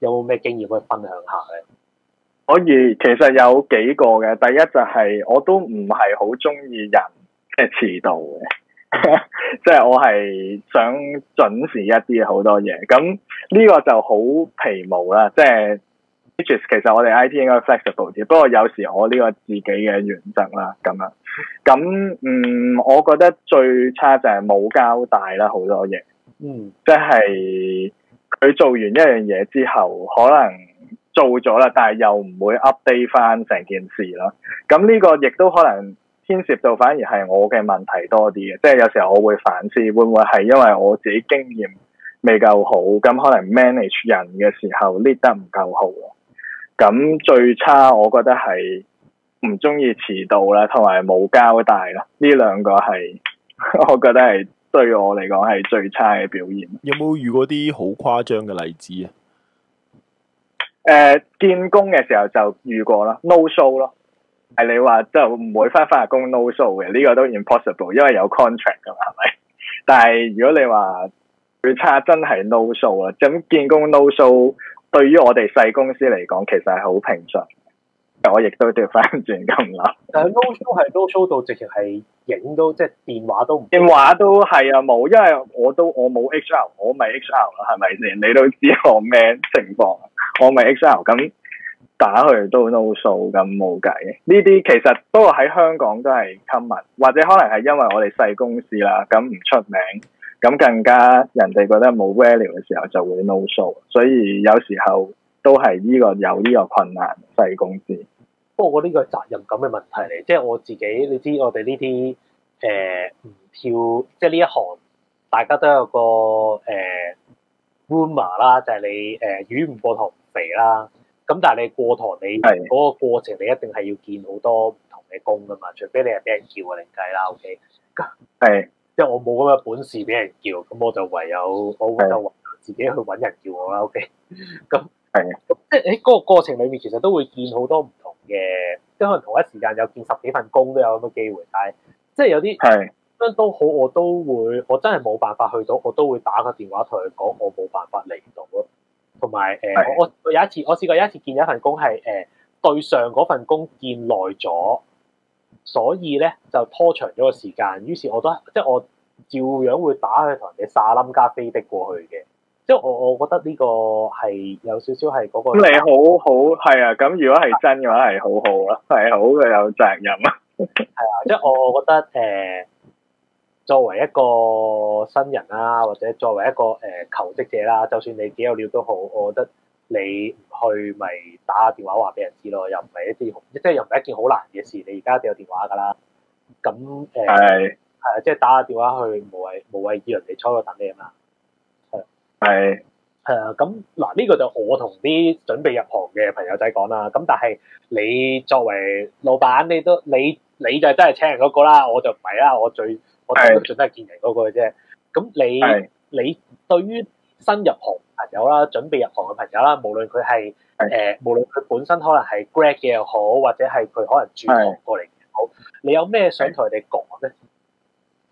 有冇咩、呃、經驗可以分享下咧？可以，其實有幾個嘅。第一就係我都唔係好中意人即係遲到嘅。即係 我係想準時一啲好多嘢，咁呢個就好皮毛啦。即係，其實我哋 IT 應該 flexible 啲，不過有時我呢個自己嘅原則啦，咁樣咁嗯，我覺得最差就係冇交代啦，好多嘢，嗯，即係佢做完一樣嘢之後，可能做咗啦，但係又唔會 update 翻成件事啦。咁呢個亦都可能。牽涉到反而係我嘅問題多啲嘅，即係有時候我會反思會唔會係因為我自己經驗未夠好，咁可能 manage 人嘅時候 lead 得唔夠好啊。咁最差我覺得係唔中意遲到啦，同埋冇交代啦。呢兩個係我覺得係對我嚟講係最差嘅表現。有冇遇過啲好誇張嘅例子啊？誒、呃，見工嘅時候就遇過啦，no show 咯。係你話就唔會翻翻日工 no show 嘅，呢個都 impossible，因為有 contract 噶嘛係咪？但係如果你話佢真係 no show 啦，咁見工 no show 對於我哋細公司嚟講，其實係好平常。我亦都掉翻轉咁諗，但係 no show 係 no show 到直情係影到，即係電話都唔電話都係啊冇，因為我都我冇 HR，我咪 HR 啦係咪？你都知我咩情況，我咪 HR 咁。打佢哋都 no 數，咁冇計。呢啲其實都係喺香港都係 common，或者可能係因為我哋細公司啦，咁唔出名，咁更加人哋覺得冇 value 嘅時候就會 no 數、so,，所以有時候都係呢、這個有呢個困難細公司。不過我呢個責任感嘅問題嚟，即係我自己你知我哋呢啲誒唔跳，即係呢一行大家都有個誒、呃、rumor 啦，就係、是、你誒、呃、魚唔過塘唔肥啦。咁但係你過堂，你嗰個過程你一定係要見好多唔同嘅工噶嘛，除非你係俾人叫啊另計啦，OK？係，即係我冇咁嘅本事俾人叫，咁我就唯有我就自己去搵人叫我啦，OK？咁 係、嗯，是的 即係喺嗰個過程裏面，其實都會見好多唔同嘅，即可能同一時間有見十幾份工都有咁嘅機會，是的 但係即係有啲咁是的 都好，我都會我真係冇辦法去到，我都會打個電話同佢講我冇辦法嚟到咯。同埋誒，呃、是的 我我有一次我試過有一次見咗一份工係誒、呃、對上嗰份工見耐咗，所以咧就拖長咗個時間。於是我都即係我照樣會打去同人哋撒冧加飛的咖啡過去嘅。即係我我覺得呢個係有少少係嗰、嗰個你好好係啊。咁如果係真嘅話係好好啦，係好嘅有責任啊。係 啊，即係我，我覺得誒。呃作為一個新人啦，或者作為一個誒、呃、求職者啦，就算你幾有料都好，我覺得你唔去咪打下電話話俾人知咯，又唔係一啲即係又唔係一件好難嘅事。你而家都有電話㗎啦，咁誒係係啊，呃、是是是即係打下電話去無謂無謂以人哋初度等你是是啊嘛係係誒咁嗱呢個就我同啲準備入行嘅朋友仔講啦。咁但係你作為老闆，你都你你就真係請人嗰、那個啦，我就唔係啦，我最我都係盡量見人嗰個嘅啫。咁的你的你對於新入行朋友啦，準備入行嘅朋友啦，無論佢係誒，無論佢本身可能係 grad 嘅又好，或者係佢可能轉行過嚟嘅又好，的你有咩想同佢哋講咧？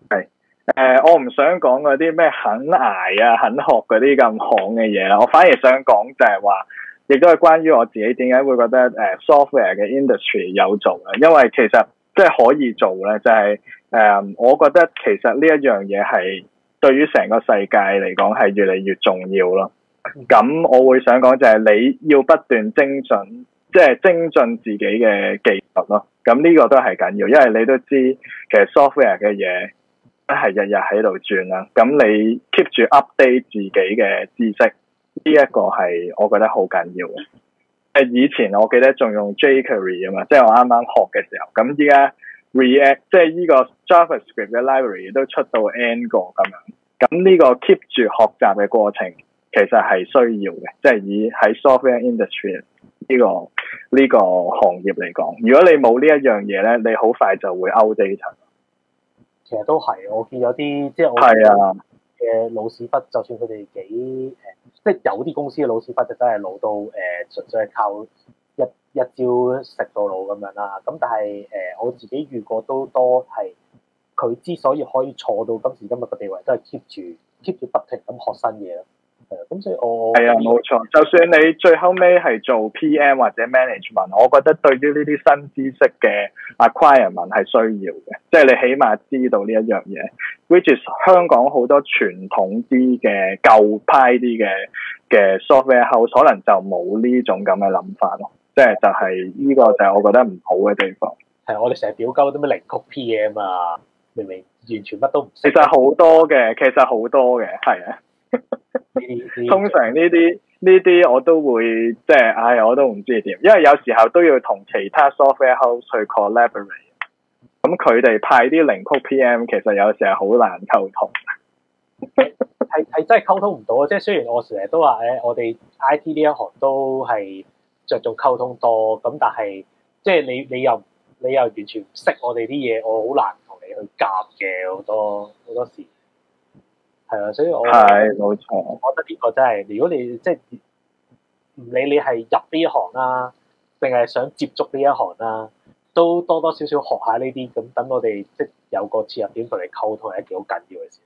係誒、呃，我唔想講嗰啲咩肯捱啊、肯學嗰啲咁行嘅嘢啦。我反而想講就係話，亦都係關於我自己點解會覺得誒、呃、software 嘅 industry 有做嘅，因為其實即係可以做咧，就係、是。就是。誒，um, 我覺得其實呢一樣嘢係對於成個世界嚟講係越嚟越重要咯。咁我會想講就係你要不斷精進，即係精進自己嘅技術咯。咁呢個都係緊要，因為你都知其實 software 嘅嘢都係日日喺度轉啦。咁你 keep 住 update 自己嘅知識，呢一個係我覺得好緊要嘅。以前我記得仲用 jQuery 啊嘛，即係我啱啱學嘅時候，咁依家。React 即係呢個 JavaScript 嘅 library 都出到 N 個咁樣，咁呢個 keep 住學習嘅過程其實係需要嘅，即係以喺 software industry 呢、呢個呢、呢個行業嚟講，如果你冇呢一樣嘢咧，你好快就會 outdated。其實都係，我見有啲即係我嘅老屎忽就算佢哋幾誒，即係有啲公司嘅老屎忽就真係老到誒，純粹係靠。一朝食到老咁樣啦，咁但係誒、呃、我自己遇過都多係佢之所以可以坐到今時今日嘅地位，都係 keep 住 keep 住不停咁學新嘢咯。係、呃、咁所以我係啊，冇、哎、錯。嗯、就算你最後尾係做 PM 或者 management，我覺得對於呢啲新知識嘅 acquirement 係需要嘅，即、就、係、是、你起碼知道呢一樣嘢。Which is 香港好多傳統啲嘅舊派啲嘅嘅 software 後，host, 可能就冇呢種咁嘅諗法咯。即係就係呢個就係我覺得唔好嘅地方。係我哋成日表溝啲咩零曲 PM 啊，明明完全乜都唔識。其實好多嘅，其實好多嘅，係啊。通常呢啲呢啲我都會即係，唉、哎，我都唔知點，因為有時候都要同其他 software house 去 collaborate。咁佢哋派啲零曲 PM，其實有時係好難溝通。係 係真係溝通唔到啊！即係雖然我成日都話，誒，我哋 IT 呢一行都係。着重溝通多咁，但係即係你你又你又完全唔識我哋啲嘢，我好難同你去夾嘅。好多好多時係啊，所以我係冇錯，我覺得呢個真係如果你即係唔理你係入呢一行啦、啊，定係想接觸呢一行啦、啊，都多多少少學下呢啲咁，等我哋即係有個切入點同你溝通係一件好緊要嘅事。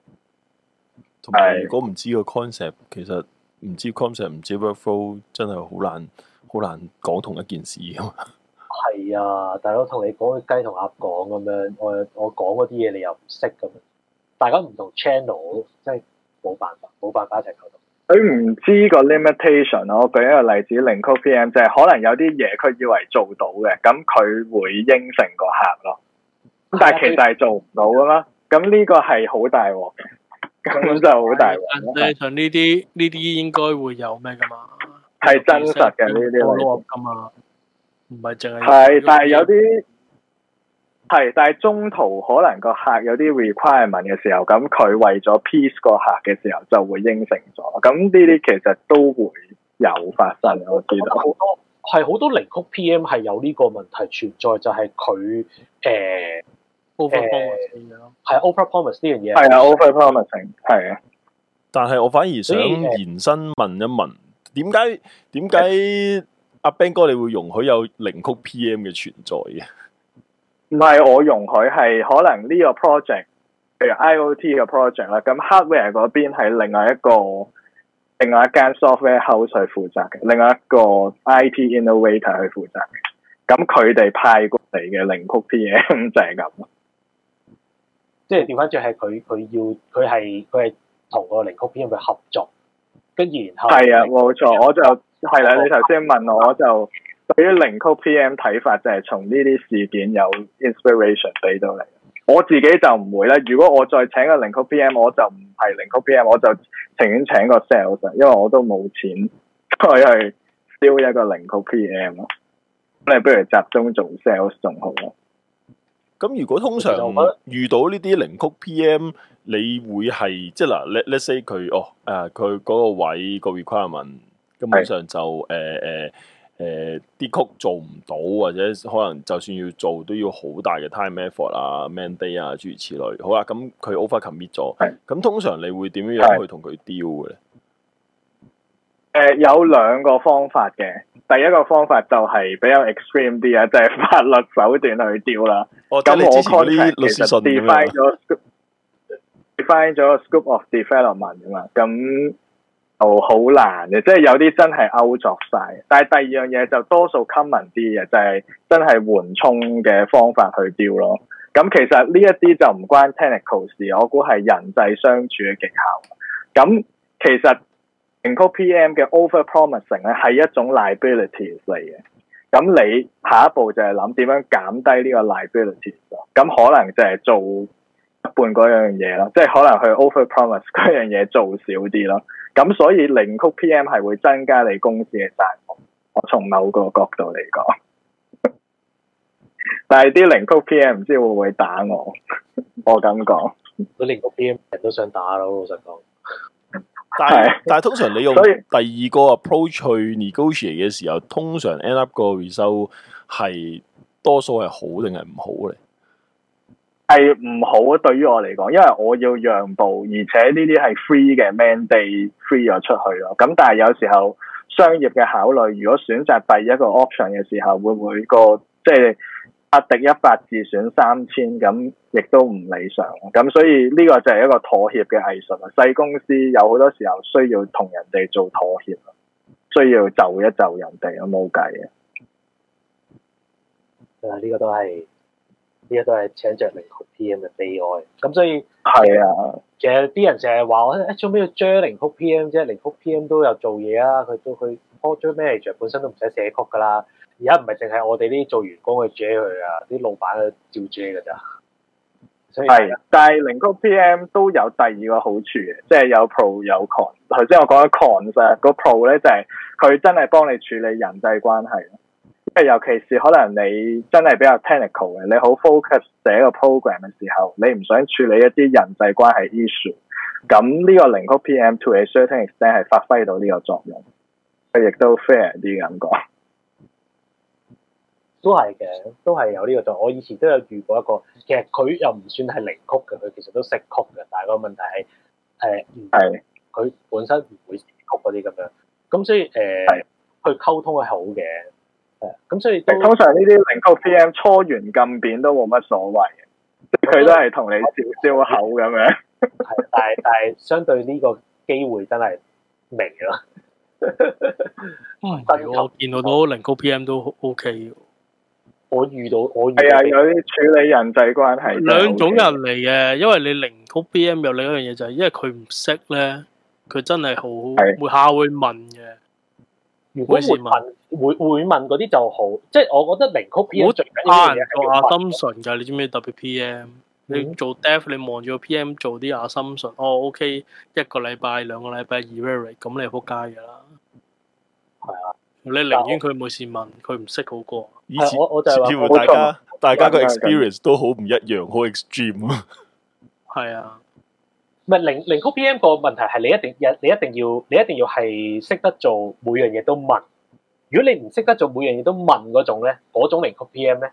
同埋的如果唔知個 concept，其實唔知 concept，唔知 workflow 真係好難。好難講同一件事咁。係啊，大佬同你講雞同鴨講咁樣，我我講嗰啲嘢你又唔識咁，大家唔同 channel，即係冇辦法，冇辦法一齊溝通。佢唔知個 limitation 我舉一個例子，零曲 PM 就係可能有啲嘢佢以為做到嘅，咁佢會應承個客咯。但係其實係做唔到噶啦。咁呢個係好大鑊，根本就好大鑊。實際上呢啲呢啲應該會有咩噶嘛？係真實嘅呢啲咯，咁啊，唔係淨係係，但係有啲係，但係中途可能個客有啲 requirement 嘅時候，咁佢為咗 please 個客嘅時候，就會應承咗。咁呢啲其實都會有發生，我知道好、嗯、多係好多零曲 PM 係有呢個問題存在就，就係佢誒，over promise 呢樣嘢係 over promise 呢樣嘢，係啊的 Yeah.，over promising 係啊。Ising, 但係我反而想延伸問一問。點解，點解阿 Ben 哥你會容許有零曲 PM 嘅存在嘅？唔係我容許，係可能呢個 project，譬如 IOT 嘅 project 啦，咁 hardware 嗰邊係另外一個，另外一間 software house 去負責嘅，另外一個 IT innovator 去負責嘅，咁佢哋派過嚟嘅零曲 PM 就係咁，即係調翻轉，係佢佢要佢係佢係同個零曲 PM 去合作。跟然後係啊冇錯。錯後我就係啦。啊、你頭先問我就，就好對於零曲 PM 睇法就係從呢啲事件有 inspiration 俾到你。我自己就唔會啦。如果我再請個零曲 PM，我就唔係零曲 PM，我就情願請個 sales，因為我都冇錢去消一個零曲 PM 咯。你不如集中做 sales 仲好啊。咁如果通常遇到呢啲零曲 PM，你會係即係嗱，let let say 佢哦，誒佢個位個 requirement，根本上就誒誒誒啲曲做唔到，或者可能就算要做都要好大嘅 time effort 啊、manday 啊諸如此類，好啦，啊，咁佢 overcommit 咗，咁是的 通常你會點樣樣去同佢 deal 嘅咧？誒、呃，有兩個方法嘅，第一個方法就係比較 extreme 啲啊，就係、是、法律手段去雕啦。咁我係你之前啲律師信啊 define 咗 scope define 咗 scope of development 啊嘛，咁就好難嘅，即係有啲真係 out 作晒。Off，但係第二樣嘢就多數 common 啲嘅，就係、是、真係緩衝嘅方法去雕咯。咁其實呢一啲就唔關 technical 事，我估係人際相處嘅技巧。咁其實。零曲 PM 嘅 overpromising 咧係一種 liabilities 嚟嘅，咁你下一步就係諗點樣減低個呢個 liabilities，咁可能就係做一半嗰樣嘢咯，即係可能去 overpromise 嗰樣嘢做少啲咯，咁所以零曲 PM 係會增加你公司嘅債務，我從某個角度嚟講， 但係啲零曲 PM 唔知會唔會打我， 我咁講，佢零曲 PM 人都想打我，老實講。但係，但係通常你用以第二個 approach 去 negotiate 嘅時候，通常 end up 個 result 係多數係好定係唔好咧？係唔好，對於我嚟講，因為我要讓步，而且呢啲係 free 嘅 mandate free 咗出去咯。咁但係有時候商業嘅考慮，如果選擇第一個 option 嘅時候，會唔會個即係？阿迪一百自損三千，咁亦都唔理想，咁所以呢個就係一個妥協嘅藝術啊！細公司有好多時候需要同人哋做妥協，需要就一就人哋，冇計啊！啊，呢個都係呢、呢個都係請着零曲 PM 嘅悲哀，咁所以係是啊，其實啲人成日話我，做、哎、咩要追零曲 PM 即係？零曲 PM 都有做嘢啊，佢都佢 project manager 本身都唔使寫曲噶啦。而家唔係淨係我哋啲做員工去 judge 佢啊，啲老闆都照 judge 㗎咋。所以，係，但係零級 PM 都有第二個好處嘅，即係有 pro 有 con。頭先我講咗 con 啫，個 pro 咧就係佢真係幫你處理人際關係，即係尤其是可能你真係比較 technical 嘅，你好 focus 寫個 program 嘅時候，你唔想處理一啲人際關係 issue，咁呢個零級 PM to a certain extent 係發揮到呢個作用，佢亦都 fair 啲感覺。.都係嘅，都係有呢、這個就，我以前都有遇過一個，其實佢又唔算係零曲嘅，佢其實都識曲嘅，但係個問題係誒唔，佢、呃、的本身唔會寫曲嗰啲咁樣，咁所以誒、呃、的去溝通係好嘅，誒咁所以通常呢啲零曲 PM 初完咁扁都冇乜所謂，嘅、嗯。佢都係同你笑笑口咁樣，係的， 但係但係相對呢個機會真係微咯，嗯 我見到都零曲 PM 都 OK。我遇到我係啊，有啲處理人際關係。兩種人嚟嘅，因為你零曲 PM 有另一樣嘢就係、是，因為佢唔識咧，佢真係好會下的會問嘅。問如果會問會會問嗰啲就好，即係我覺得零曲 PM 最難、啊、阿心純噶，你知唔知特別 PM？、嗯、你做 deaf，你望住個 PM 做啲阿心純，哦，OK，一個禮拜、兩個禮拜、二 very，咁你仆街噶啦。係啊。你寧願佢每事問佢唔識好過,係,我我就係話,比如大家大家個 experience 都好唔一樣好 extreme 咯,係啊,唔係零零曲 PM 個問題係你一定,你一定要,你一定要係識得做每樣嘢都問,如果你唔識得做每樣嘢都問嗰種咧,嗰種零曲 PM 咧,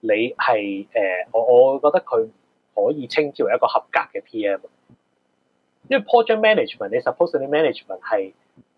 你係,誒,我我覺得佢可以稱之為一個合格嘅 PM, 因為 project management, 你 supposedly management 係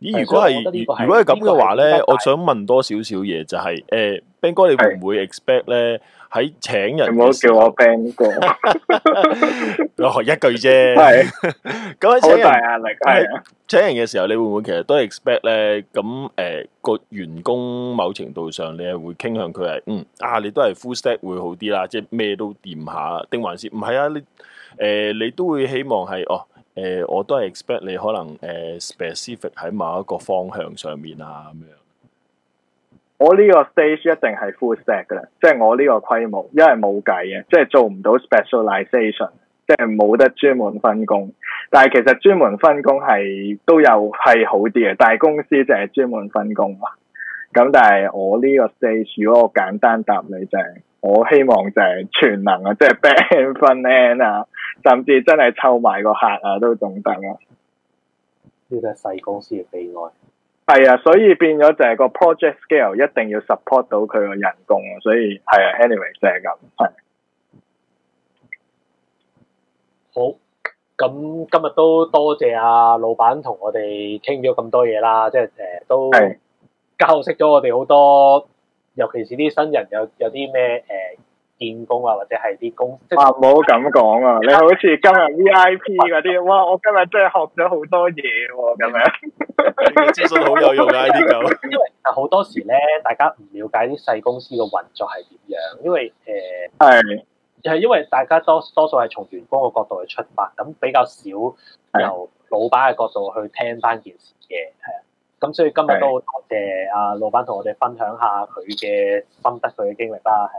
咦，如果係，如果係咁嘅話咧，我想問多少少嘢，就係誒，Ben 哥，你會唔會 expect 咧喺係請人嘅。唔好笑我 Ben 哥，哦一句啫。係。咁喺請人好大壓力。係。請人嘅時候，你會唔會其實都 expect 咧？咁誒，個、呃、員工某程度上你，你係會傾向佢係嗯啊，你都係 full set 會好啲啦，即係咩都掂下，定還是唔係啊？你誒、呃，你都會希望係哦。誒、呃，我都係 expect 你可能誒、呃、，specific 喺某一個方向上面啊咁樣。我呢個 stage 一定係 full set 噶，即係我呢個規模，因為冇計嘅，即係做唔到 specialization 即係冇得專門分工。但係其實專門分工係都有係好啲嘅，但係公司就係專門分工啊。咁但係我呢個 stage 如果我簡單答你就係。我希望就係全能啊，即係 back end front end 啊甚至真係湊埋個客啊都仲得啊。呢個細公司嘅悲哀。係啊，所以變咗就係個 project scale 一定要 support 到佢個人工啊，所以係啊，anyway 就係咁。係。好，咁今日都多謝啊，老闆同我哋傾咗咁多嘢啦，即係誒都教識咗我哋好多。尤其是啲新人有有啲咩誒，見工啊，或者係啲公司，啊冇咁講啊！你好似今日 VIP 嗰啲，哇！我今日真係學咗好多嘢喎，啊，咁樣，你嘅資訊好有用啊！呢啲咁，因為好多時咧，大家唔了解啲細公司嘅運作係點樣，因為誒係係因為大家多多數係從員工嘅角度去出發，咁比較少由老闆嘅角度去聽翻件事嘅，係啊。咁所以今日都好、啊，多謝阿老闆同我哋分享下佢嘅心得、佢嘅經歷啦。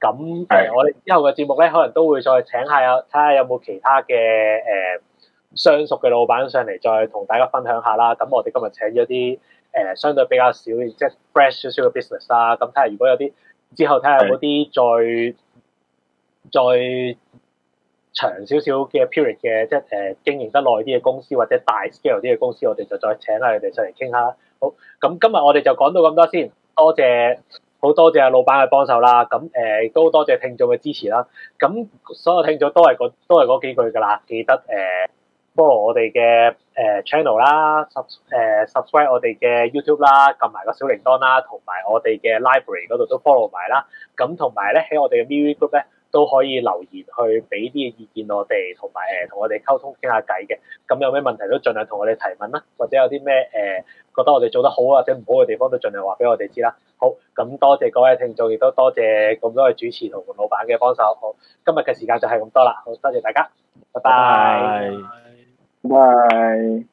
咁誒的、呃，我哋之後嘅節目咧，可能都會再請下啊，有睇下有冇其他嘅誒相熟嘅老闆上嚟再同大家分享下啦。咁我哋今日請咗啲誒相對比較少即係 fresh 少少嘅 business 啦。咁睇下如果有啲之後睇下有冇啲再、再。的長少少嘅 period 嘅，即係誒經營得耐啲嘅公司，或者大 scale 啲嘅公司，我哋就再請啦，你哋上嚟傾下。好，咁今日我哋就講到咁多先，多謝好多謝老闆嘅幫手啦。咁誒都多謝聽眾嘅支持啦。咁所有聽眾都係嗰都係嗰幾句㗎啦。記得誒、呃、follow channel, YouTube, 我哋嘅誒 channel 啦，sub subscribe 我哋嘅 YouTube 啦，撳埋個小鈴鐺啦，同埋我哋嘅 library 嗰度都 follow 埋啦。咁同埋咧喺我哋嘅 Music Group 咧。都可以留言去俾啲嘅意見我哋，同埋誒同我哋溝通傾下偈嘅。咁有咩問題都盡量同我哋提問啦，或者有啲咩誒覺得我哋做得好或者唔好嘅地方都盡量話俾我哋知啦。好，咁多謝各位聽眾，亦都多謝咁多位主持同老闆嘅幫手。好，今日嘅時間就係咁多啦。好，多謝大家，拜拜，拜。